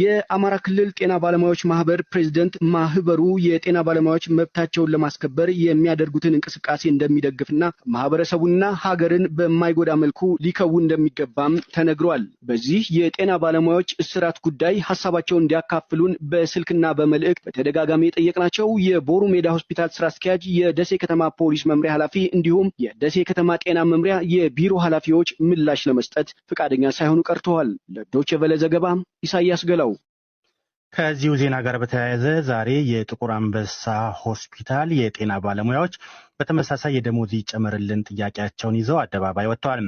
የአማራ ክልል ጤና ባለሙያዎች ማህበር ፕሬዝደንት ማህበሩ የጤና ባለሙያዎች መብታቸውን ለማስከበር የሚያደርጉትን እንቅስቃሴ እንደሚደግፍና ማህበረሰቡና ሀገርን በማይጎዳ መልኩ ሊከቡ እንደሚገባም ተነግሯል። በዚህ የጤና ባለሙያዎች እስራት ጉዳይ ሀሳባቸውን እንዲያካፍሉን በስልክና በመልእክት በተደጋጋሚ የጠየቅናቸው የቦሩ ሜዳ ሆስፒታል ስራ አስኪያጅ፣ የደሴ ከተማ ፖሊስ መምሪያ ኃላፊ እንዲሁም የደሴ ከተማ ጤና መምሪያ የቢሮ ኃላፊዎች ምላሽ ለመስጠት ፈቃደኛ ሳይሆኑ ቀርተዋል። ለዶቼ ቬለ ዘገባ ኢሳያስ ገ below. ከዚሁ ዜና ጋር በተያያዘ ዛሬ የጥቁር አንበሳ ሆስፒታል የጤና ባለሙያዎች በተመሳሳይ የደሞዝ ይጨመርልን ጥያቄያቸውን ይዘው አደባባይ ወጥተዋል።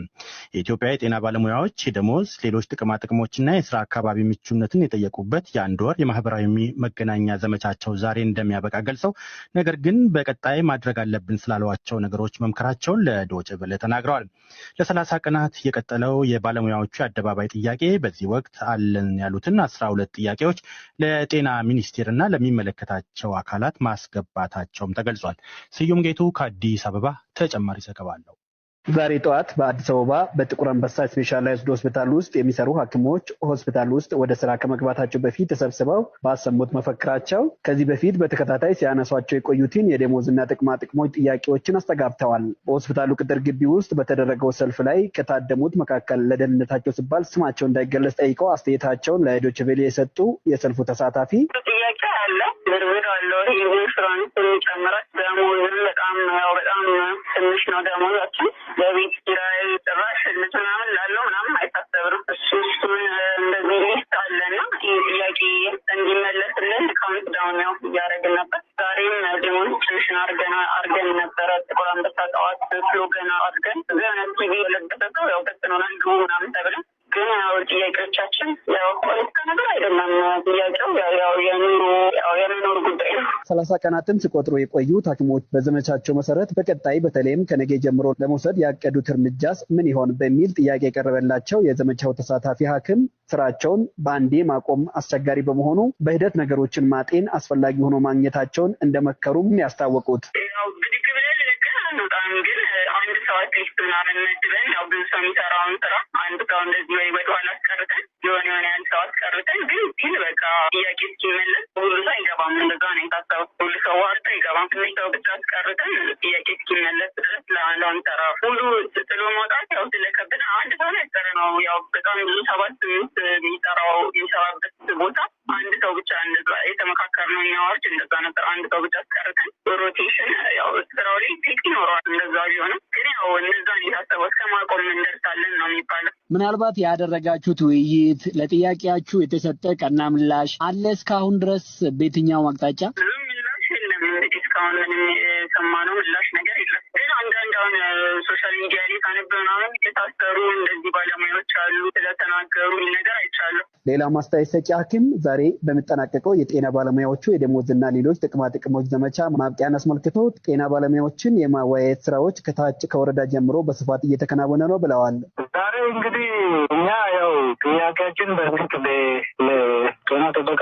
የኢትዮጵያ የጤና ባለሙያዎች የደሞዝ፣ ሌሎች ጥቅሞችና የስራ አካባቢ ምቹነትን የጠየቁበት የአንድ ወር የማህበራዊ መገናኛ ዘመቻቸው ዛሬ እንደሚያበቃ ገልጸው ነገር ግን በቀጣይ ማድረግ አለብን ስላሏቸው ነገሮች መምከራቸውን ለዶይቼ ቬለ ተናግረዋል። ለሰላሳ ቀናት የቀጠለው የባለሙያዎቹ የአደባባይ ጥያቄ በዚህ ወቅት አለን ያሉትን አስራ ሁለት ጥያቄዎች ለጤና ሚኒስቴር እና ለሚመለከታቸው አካላት ማስገባታቸውም ተገልጿል። ስዩም ጌቱ ከአዲስ አበባ ተጨማሪ ዘገባ አለው። ዛሬ ጠዋት በአዲስ አበባ በጥቁር አንበሳ ስፔሻላይዝድ ሆስፒታል ውስጥ የሚሰሩ ሐኪሞች ሆስፒታል ውስጥ ወደ ስራ ከመግባታቸው በፊት ተሰብስበው ባሰሙት መፈክራቸው ከዚህ በፊት በተከታታይ ሲያነሷቸው የቆዩትን የደሞዝና ጥቅማ ጥቅሞች ጥያቄዎችን አስተጋብተዋል። በሆስፒታሉ ቅጥር ግቢ ውስጥ በተደረገው ሰልፍ ላይ ከታደሙት መካከል ለደህንነታቸው ሲባል ስማቸው እንዳይገለጽ ጠይቀው አስተያየታቸውን ለዶይቼ ቬለ የሰጡ የሰልፉ ተሳታፊ ጥያቄ አለ ድርብድ አለ ኢንሹራንስ ጨምረች ደሞዝም በጣም ያው በጣም ትንሽ ነው ደሞዛችን በቤት ሰላሳ ቀናትን ሲቆጥሩ የቆዩት ሐኪሞች በዘመቻቸው መሰረት በቀጣይ በተለይም ከነገ ጀምሮ ለመውሰድ ያቀዱት እርምጃስ ምን ይሆን በሚል ጥያቄ የቀረበላቸው የዘመቻው ተሳታፊ ሐኪም ስራቸውን በአንዴ ማቆም አስቸጋሪ በመሆኑ በሂደት ነገሮችን ማጤን አስፈላጊ ሆኖ ማግኘታቸውን እንደመከሩም ያስታወቁት ግን አንድ ሰው አስቀርተን ግን ግን በቃ ጥያቄ እስኪመለስ ሁሉ ሰው አይገባም። እንደዛ ነው የታሰበው። ትንሽ ብቻ አስቀርተን ጥያቄ እስኪመለስ ድረስ ለአንዷን ሰራ ሙሉ ጥሎ መውጣት ያው ስለከብድ አንድ ሰው ላይ ያስቀረ ነው። ያው በጣም ብዙ ሰባት ስምንት የሚጠራው የሚሰራበት ቦታ አንድ ሰው ብቻ እንደ የተመካከር ነው የሚያዋች እንደዛ ነበር። አንድ ሰው ብቻ አስቀርተን ሮቴሽን ያው ስራው ላይ ቴክ ይኖረዋል። እንደዛ ቢሆንም ግን ያው እነዛን የታሰበው እስከ ማቆም እንደርሳለን ነው የሚባለው። ምናልባት ያደረጋችሁት ውይይት ለጥያቄያችሁ የተሰጠ ቀና ምላሽ አለ እስካሁን ድረስ በየትኛው አቅጣጫ የሰማነው ምላሽ ነገር የለም። ግን አንዳንድ ሶሻል ሚዲያ ላይ ታነብ ምናምን የታሰሩ እንደዚህ ባለሙያዎች አሉ ስለተናገሩ ነገር አይቻለሁ። ሌላ ማስተያየት ሰጪ ሐኪም ዛሬ በሚጠናቀቀው የጤና ባለሙያዎቹ የደሞዝና ሌሎች ጥቅማ ጥቅሞች ዘመቻ ማብቂያን አስመልክቶ ጤና ባለሙያዎችን የማወያየት ስራዎች ከታች ከወረዳ ጀምሮ በስፋት እየተከናወነ ነው ብለዋል። ዛሬ እንግዲህ እኛ ያው ጥያቄያችን በንክ ጤና ጥበቃ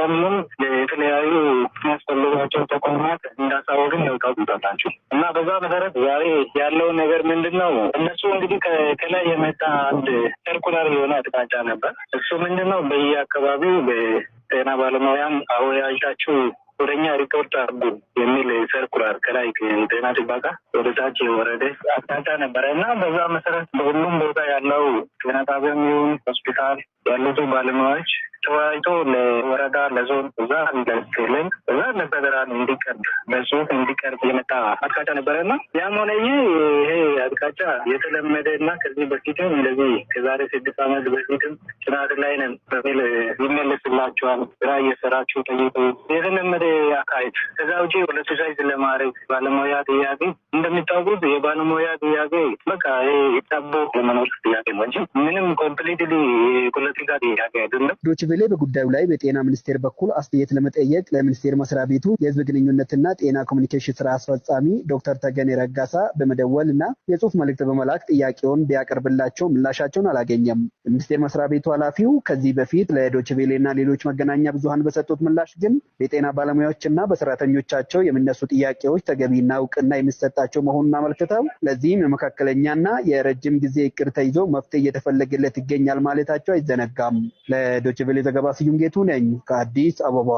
የተለያዩ የሚያስፈልጓቸው ተቋማት እንዳሳወቅን ያውቃጉታላችሁ እና በዛ መሰረት ዛሬ ያለው ነገር ምንድን ነው? እነሱ እንግዲህ ከላይ የመጣ አንድ ሰርኩላር የሆነ አቅጣጫ ነበር። እሱ ምንድን ነው? በየአካባቢው በጤና ባለሙያን አወያዣችሁ ወደኛ ሪፖርት አርጉ የሚል ሰርኩላር ከላይ ጤና ጥበቃ ወደ ታች የወረደ አቅጣጫ ነበረ እና በዛ መሰረት በሁሉም ቦታ ያለው ጤና ጣቢያም ይሁን ሆስፒታል ያሉት ባለሙያዎች ተወያይቶ ለወረዳ ለዞን እዛ ለክልል እዛ ለፌደራል እንዲቀርብ በጽሁፍ እንዲቀርብ የመጣ አቅጣጫ ነበረ እና ያም ሆነ ይህ ይሄ ብቻ የተለመደ እና ከዚህ በፊትም እንደዚህ ከዛሬ ስድስት ዓመት በፊትም ጭናት ላይ ነን በሚል ይመለስላቸዋል። ስራ እየሰራችሁ ጠይቁ፣ የተለመደ አካሄድ። ከዛ ውጭ ፖለቲሳይዝ ለማድረግ ባለሙያ ጥያቄ እንደሚታወቁት የባለሙያ ጥያቄ በቃ የታቦ ለመኖር ጥያቄ ነው እንጂ ምንም ኮምፕሊትሊ የፖለቲካ ጥያቄ አይደለም። ዶች ቬሌ በጉዳዩ ላይ በጤና ሚኒስቴር በኩል አስተያየት ለመጠየቅ ለሚኒስቴር መስሪያ ቤቱ የህዝብ ግንኙነትና ጤና ኮሚኒኬሽን ስራ አስፈጻሚ ዶክተር ተገኔ ረጋሳ በመደወል እና የጽሁፍ መልእክት በመላክ ጥያቄውን ቢያቀርብላቸው ምላሻቸውን አላገኘም። የሚኒስቴር መስሪያ ቤቱ ኃላፊው ከዚህ በፊት ለዶች ቬሌና ሌሎች መገናኛ ብዙሀን በሰጡት ምላሽ ግን የጤና ባለሙያዎች በሰራተኞቻቸው የሚነሱ ጥያቄዎች ተገቢና እውቅና የሚሰጣቸው መሆኑን አመልክተው ለዚህም የመካከለኛና የረጅም ጊዜ እቅድ ተይዞ መፍትሄ እየተፈለገለት ይገኛል ማለታቸው አይዘነጋም። ለዶች ቬሌ ዘገባ ስዩም ጌቱ ነኝ ከአዲስ አበባ።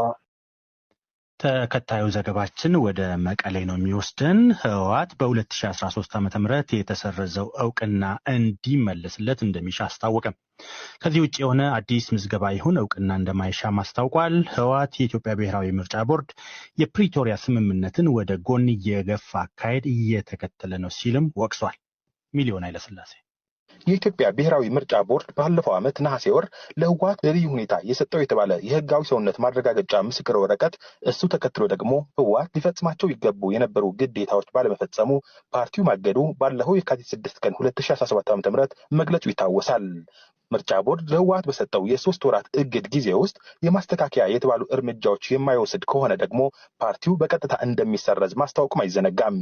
ተከታዩ ዘገባችን ወደ መቀሌ ነው የሚወስደን። ህወሓት በ2013 ዓ ም የተሰረዘው እውቅና እንዲመለስለት እንደሚሻ አስታወቀ። ከዚህ ውጭ የሆነ አዲስ ምዝገባ ይሁን እውቅና እንደማይሻም አስታውቋል። ህወሓት የኢትዮጵያ ብሔራዊ ምርጫ ቦርድ የፕሪቶሪያ ስምምነትን ወደ ጎን የገፋ አካሄድ እየተከተለ ነው ሲልም ወቅሷል። ሚሊዮን ኃይለስላሴ የኢትዮጵያ ብሔራዊ ምርጫ ቦርድ ባለፈው ዓመት ነሐሴ ወር ለህወሀት በልዩ ሁኔታ የሰጠው የተባለ የህጋዊ ሰውነት ማረጋገጫ ምስክር ወረቀት እሱ ተከትሎ ደግሞ ህወሀት ሊፈጽማቸው ይገቡ የነበሩ ግዴታዎች ባለመፈጸሙ ፓርቲው ማገዱ ባለፈው የካቲት 6 ቀን 2017 .ም መግለጹ ይታወሳል። ምርጫ ቦርድ ለህወሀት በሰጠው የሶስት ወራት እግድ ጊዜ ውስጥ የማስተካከያ የተባሉ እርምጃዎች የማይወስድ ከሆነ ደግሞ ፓርቲው በቀጥታ እንደሚሰረዝ ማስታወቁም አይዘነጋም።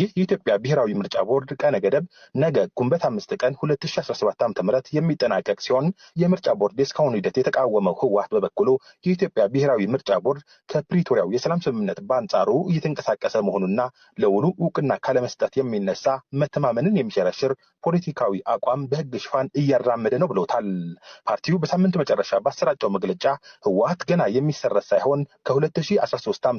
ይህ የኢትዮጵያ ብሔራዊ ምርጫ ቦርድ ቀነ ገደብ ነገ ጉንበት አምስት ቀን 2017 ዓ ም የሚጠናቀቅ ሲሆን የምርጫ ቦርድ የእስካሁኑ ሂደት የተቃወመው ህወሀት በበኩሉ የኢትዮጵያ ብሔራዊ ምርጫ ቦርድ ከፕሪቶሪያው የሰላም ስምምነት በአንጻሩ እየተንቀሳቀሰ መሆኑና ለውሉ እውቅና ካለመስጠት የሚነሳ መተማመንን የሚሸረሽር ፖለቲካዊ አቋም በህግ ሽፋን እያራመደ ነው ብለውታል። ፓርቲው በሳምንት መጨረሻ ባሰራጨው መግለጫ ህወሀት ገና የሚሰረዝ ሳይሆን ከ2013 ዓ.ም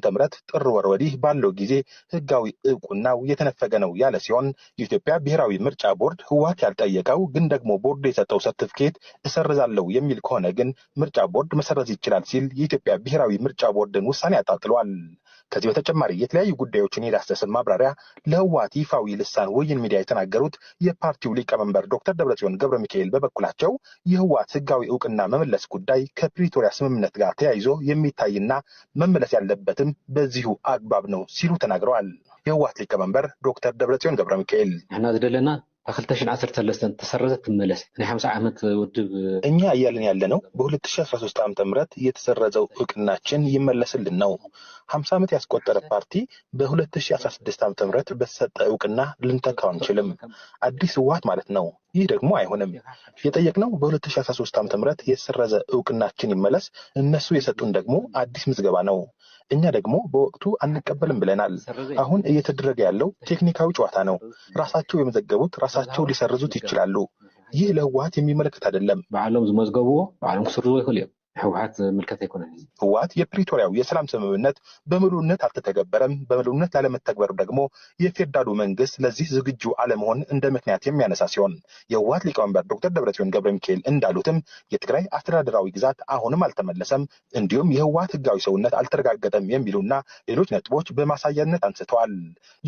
ጥር ወር ወዲህ ባለው ጊዜ ህጋዊ እውቅናው የተነፈገ ነው ያለ ሲሆን የኢትዮጵያ ብሔራዊ ምርጫ ቦርድ ህወሀት ያልጠየቀው ግን ደግሞ ቦርዱ የሰጠው ሰርቲፊኬት እሰርዛለሁ የሚል ከሆነ ግን ምርጫ ቦርድ መሰረዝ ይችላል ሲል የኢትዮጵያ ብሔራዊ ምርጫ ቦርድን ውሳኔ አጣጥሏል። ከዚህ በተጨማሪ የተለያዩ ጉዳዮችን የዳሰሰን ማብራሪያ ለህወሓት ይፋዊ ልሳን ወይን ሚዲያ የተናገሩት የፓርቲው ሊቀመንበር ዶክተር ደብረጽዮን ገብረ ሚካኤል በበኩላቸው የህወሓት ህጋዊ እውቅና መመለስ ጉዳይ ከፕሪቶሪያ ስምምነት ጋር ተያይዞ የሚታይና መመለስ ያለበትም በዚሁ አግባብ ነው ሲሉ ተናግረዋል። የህወሓት ሊቀመንበር ዶክተር ደብረጽዮን ገብረ ሚካኤል ኣብ 2013 ተሰረዘ ትመለስ ናይ 50 ዓመት ውድብ እኛ እያለን ያለ ነው። በ2013 ዓ ም የተሰረዘው እውቅናችን ይመለስልን ነው። ሓምሳ ዓመት ያስቆጠረ ፓርቲ በ2016 ዓ ም በተሰጠ እውቅና ልንተካው አንችልም። አዲስ ህወሓት ማለት ነው። ይህ ደግሞ አይሆንም። የጠየቅነው በ2013 ዓ ም የተሰረዘ እውቅናችን ይመለስ፣ እነሱ የሰጡን ደግሞ አዲስ ምዝገባ ነው። እኛ ደግሞ በወቅቱ አንቀበልም ብለናል። አሁን እየተደረገ ያለው ቴክኒካዊ ጨዋታ ነው። ራሳቸው የመዘገቡት ራሳቸው ሊሰርዙት ይችላሉ። ይህ ለህወሀት የሚመለከት አይደለም። በዓሎም ዝመዝገቡ በዓሎም ክስርዞ ይኽእል እዮም ህወሀት ምልከታ ይኮናል። ህወሀት የፕሪቶሪያው የሰላም ስምምነት በምሉነት አልተተገበረም። በምሉነት ላለመተግበር ደግሞ የፌዴራሉ መንግስት ለዚህ ዝግጁ አለመሆን እንደ ምክንያት የሚያነሳ ሲሆን የህወሀት ሊቀመንበር ዶክተር ደብረጽዮን ገብረ ሚካኤል እንዳሉትም የትግራይ አስተዳደራዊ ግዛት አሁንም አልተመለሰም፣ እንዲሁም የህወሀት ህጋዊ ሰውነት አልተረጋገጠም የሚሉና ሌሎች ነጥቦች በማሳያነት አንስተዋል።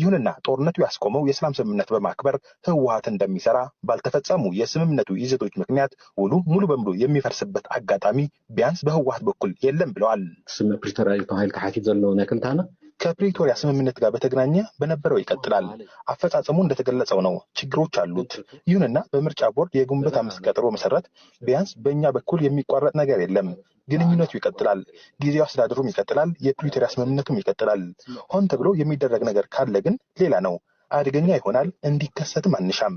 ይሁንና ጦርነቱ ያስቆመው የሰላም ስምምነት በማክበር ህወሀት እንደሚሰራ ባልተፈጸሙ የስምምነቱ ይዘቶች ምክንያት ውሉ ሙሉ በሙሉ የሚፈርስበት አጋጣሚ ቢያንስ በህወሓት በኩል የለም ብለዋል። ስመ ፕሪቶሪያ ተባሂል ተሓቲት ዘለዎ ናይ ክንታነ ከፕሪቶሪያ ስምምነት ጋር በተገናኘ በነበረው ይቀጥላል። አፈጻጸሙ እንደተገለጸው ነው፣ ችግሮች አሉት። ይሁንና በምርጫ ቦርድ የግንቦት አምስት ቀጠሮ መሰረት ቢያንስ በእኛ በኩል የሚቋረጥ ነገር የለም። ግንኙነቱ ይቀጥላል፣ ጊዜው አስተዳደሩም ይቀጥላል፣ የፕሪቶሪያ ስምምነቱም ይቀጥላል። ሆን ተብሎ የሚደረግ ነገር ካለ ግን ሌላ ነው። አደገኛ ይሆናል፣ እንዲከሰትም አንሻም።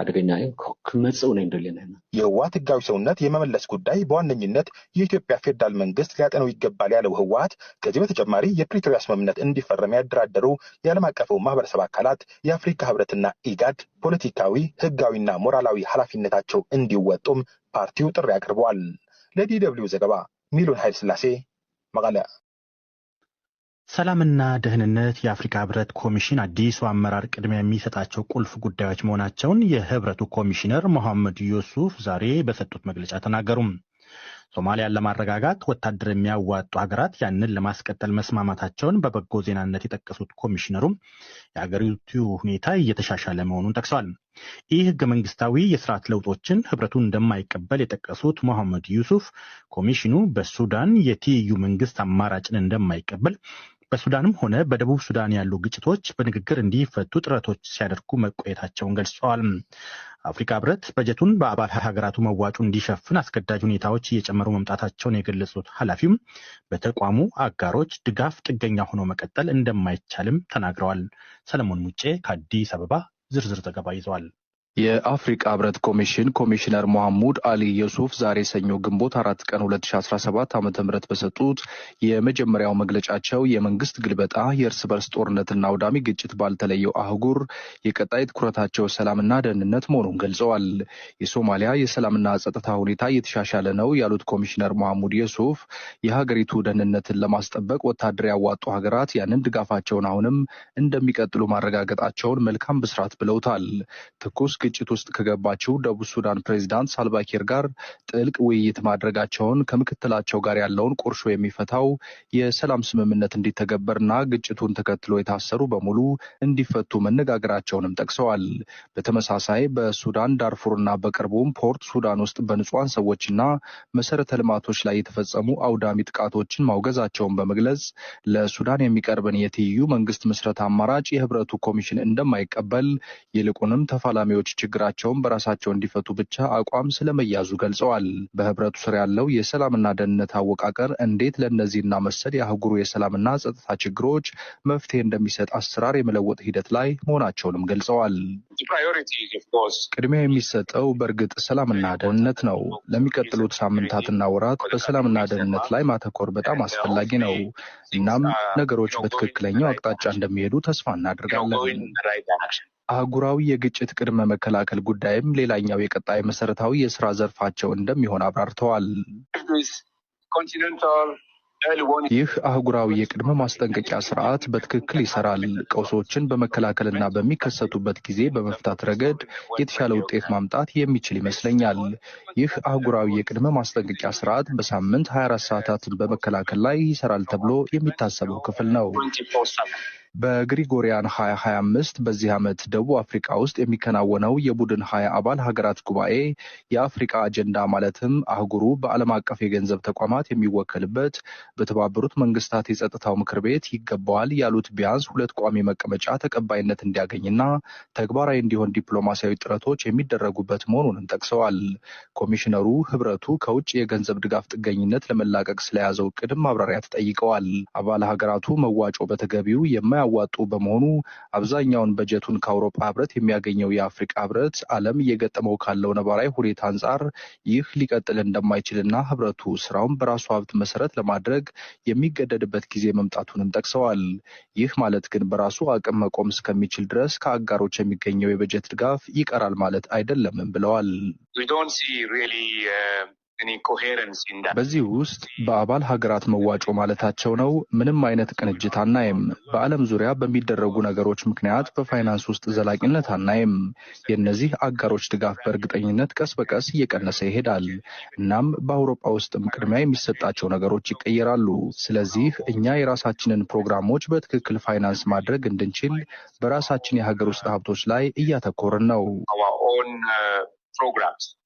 አደገኛ የህወሓት ህጋዊ ሰውነት የመመለስ ጉዳይ በዋነኝነት የኢትዮጵያ ፌዴራል መንግስት ሊያጠነው ይገባል ያለው ህወሓት ከዚህ በተጨማሪ የፕሪቶሪያ ስምምነት እንዲፈረም ያደራደሩ የዓለም አቀፉ ማህበረሰብ አካላት የአፍሪካ ህብረትና ኢጋድ ፖለቲካዊ ህጋዊና ሞራላዊ ኃላፊነታቸው እንዲወጡም ፓርቲው ጥሪ አቅርበዋል። ለዲ ደብልዩ ዘገባ ሚሊዮን ስላሴ መቀለ ሰላምና ደህንነት የአፍሪካ ህብረት ኮሚሽን አዲሱ አመራር ቅድሚያ የሚሰጣቸው ቁልፍ ጉዳዮች መሆናቸውን የህብረቱ ኮሚሽነር መሐመድ ዩሱፍ ዛሬ በሰጡት መግለጫ ተናገሩም። ሶማሊያን ለማረጋጋት ወታደር የሚያዋጡ ሀገራት ያንን ለማስቀጠል መስማማታቸውን በበጎ ዜናነት የጠቀሱት ኮሚሽነሩም የሀገሪቱ ሁኔታ እየተሻሻለ መሆኑን ጠቅሰዋል። ይህ ህገ መንግስታዊ የስርዓት ለውጦችን ህብረቱ እንደማይቀበል የጠቀሱት መሐመድ ዩሱፍ ኮሚሽኑ በሱዳን የትይዩ መንግስት አማራጭን እንደማይቀበል በሱዳንም ሆነ በደቡብ ሱዳን ያሉ ግጭቶች በንግግር እንዲፈቱ ጥረቶች ሲያደርጉ መቆየታቸውን ገልጸዋል። አፍሪካ ህብረት በጀቱን በአባል ሀገራቱ መዋጩ እንዲሸፍን አስገዳጅ ሁኔታዎች እየጨመሩ መምጣታቸውን የገለጹት ኃላፊውም በተቋሙ አጋሮች ድጋፍ ጥገኛ ሆኖ መቀጠል እንደማይቻልም ተናግረዋል። ሰለሞን ሙጬ ከአዲስ አበባ ዝርዝር ዘገባ ይዘዋል። የአፍሪቃ ህብረት ኮሚሽን ኮሚሽነር መሐሙድ አሊ ዩሱፍ ዛሬ ሰኞ ግንቦት አራት ቀን 2017 ዓ ም በሰጡት የመጀመሪያው መግለጫቸው የመንግስት ግልበጣ፣ የእርስ በርስ ጦርነትና አውዳሚ ግጭት ባልተለየው አህጉር የቀጣይ ትኩረታቸው ሰላምና ደህንነት መሆኑን ገልጸዋል። የሶማሊያ የሰላምና ጸጥታ ሁኔታ እየተሻሻለ ነው ያሉት ኮሚሽነር መሐሙድ ዩሱፍ የሀገሪቱ ደህንነትን ለማስጠበቅ ወታደር ያዋጡ ሀገራት ያንን ድጋፋቸውን አሁንም እንደሚቀጥሉ ማረጋገጣቸውን መልካም ብስራት ብለውታል። ትኩስ ግጭት ውስጥ ከገባችው ደቡብ ሱዳን ፕሬዚዳንት ሳልቫኪር ጋር ጥልቅ ውይይት ማድረጋቸውን ከምክትላቸው ጋር ያለውን ቁርሾ የሚፈታው የሰላም ስምምነት እንዲተገበርና ግጭቱን ተከትሎ የታሰሩ በሙሉ እንዲፈቱ መነጋገራቸውንም ጠቅሰዋል። በተመሳሳይ በሱዳን ዳርፉርና በቅርቡም ፖርት ሱዳን ውስጥ በንጹሐን ሰዎችና መሰረተ ልማቶች ላይ የተፈጸሙ አውዳሚ ጥቃቶችን ማውገዛቸውን በመግለጽ ለሱዳን የሚቀርብን የትይዩ መንግስት ምስረት አማራጭ የህብረቱ ኮሚሽን እንደማይቀበል ይልቁንም ተፋላሚዎች ችግራቸውን በራሳቸው እንዲፈቱ ብቻ አቋም ስለመያዙ ገልጸዋል። በህብረቱ ስር ያለው የሰላምና ደህንነት አወቃቀር እንዴት ለእነዚህና መሰል የአህጉሩ የሰላምና ጸጥታ ችግሮች መፍትሄ እንደሚሰጥ አሰራር የመለወጥ ሂደት ላይ መሆናቸውንም ገልጸዋል። ቅድሚያ የሚሰጠው በእርግጥ ሰላምና ደህንነት ነው። ለሚቀጥሉት ሳምንታትና ወራት በሰላምና ደህንነት ላይ ማተኮር በጣም አስፈላጊ ነው። እናም ነገሮች በትክክለኛው አቅጣጫ እንደሚሄዱ ተስፋ እናደርጋለን። አህጉራዊ የግጭት ቅድመ መከላከል ጉዳይም ሌላኛው የቀጣይ መሰረታዊ የስራ ዘርፋቸው እንደሚሆን አብራርተዋል። ይህ አህጉራዊ የቅድመ ማስጠንቀቂያ ስርዓት በትክክል ይሰራል። ቀውሶችን በመከላከልና በሚከሰቱበት ጊዜ በመፍታት ረገድ የተሻለ ውጤት ማምጣት የሚችል ይመስለኛል። ይህ አህጉራዊ የቅድመ ማስጠንቀቂያ ስርዓት በሳምንት 24 ሰዓታትን በመከላከል ላይ ይሰራል ተብሎ የሚታሰበው ክፍል ነው። በግሪጎሪያን 2025 በዚህ ዓመት ደቡብ አፍሪካ ውስጥ የሚከናወነው የቡድን ሀያ አባል ሀገራት ጉባኤ የአፍሪካ አጀንዳ ማለትም አህጉሩ በዓለም አቀፍ የገንዘብ ተቋማት የሚወከልበት በተባበሩት መንግስታት የጸጥታው ምክር ቤት ይገባዋል ያሉት ቢያንስ ሁለት ቋሚ መቀመጫ ተቀባይነት እንዲያገኝና ተግባራዊ እንዲሆን ዲፕሎማሲያዊ ጥረቶች የሚደረጉበት መሆኑንም ጠቅሰዋል። ኮሚሽነሩ ህብረቱ ከውጭ የገንዘብ ድጋፍ ጥገኝነት ለመላቀቅ ስለያዘው እቅድም ማብራሪያ ተጠይቀዋል። አባል ሀገራቱ መዋጮ በተገቢው የማያ የማያዋጡ በመሆኑ አብዛኛውን በጀቱን ከአውሮፓ ህብረት የሚያገኘው የአፍሪቃ ህብረት ዓለም እየገጠመው ካለው ነባራዊ ሁኔታ አንጻር ይህ ሊቀጥል እንደማይችልና ህብረቱ ስራውን በራሱ ሀብት መሰረት ለማድረግ የሚገደድበት ጊዜ መምጣቱንም ጠቅሰዋል። ይህ ማለት ግን በራሱ አቅም መቆም እስከሚችል ድረስ ከአጋሮች የሚገኘው የበጀት ድጋፍ ይቀራል ማለት አይደለምም ብለዋል። በዚህ ውስጥ በአባል ሀገራት መዋጮ ማለታቸው ነው። ምንም አይነት ቅንጅት አናይም። በዓለም ዙሪያ በሚደረጉ ነገሮች ምክንያት በፋይናንስ ውስጥ ዘላቂነት አናይም። የእነዚህ አጋሮች ድጋፍ በእርግጠኝነት ቀስ በቀስ እየቀነሰ ይሄዳል። እናም በአውሮፓ ውስጥም ቅድሚያ የሚሰጣቸው ነገሮች ይቀየራሉ። ስለዚህ እኛ የራሳችንን ፕሮግራሞች በትክክል ፋይናንስ ማድረግ እንድንችል በራሳችን የሀገር ውስጥ ሀብቶች ላይ እያተኮርን ነው።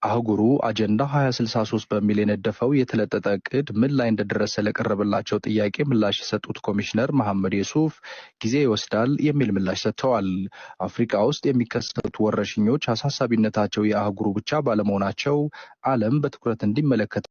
አህጉሩ አጀንዳ 2063 በሚል የነደፈው የተለጠጠ እቅድ ምን ላይ እንደደረሰ ለቀረበላቸው ጥያቄ ምላሽ የሰጡት ኮሚሽነር መሐመድ የሱፍ ጊዜ ይወስዳል የሚል ምላሽ ሰጥተዋል። አፍሪካ ውስጥ የሚከሰቱ ወረርሽኞች አሳሳቢነታቸው የአህጉሩ ብቻ ባለመሆናቸው ዓለም በትኩረት እንዲመለከት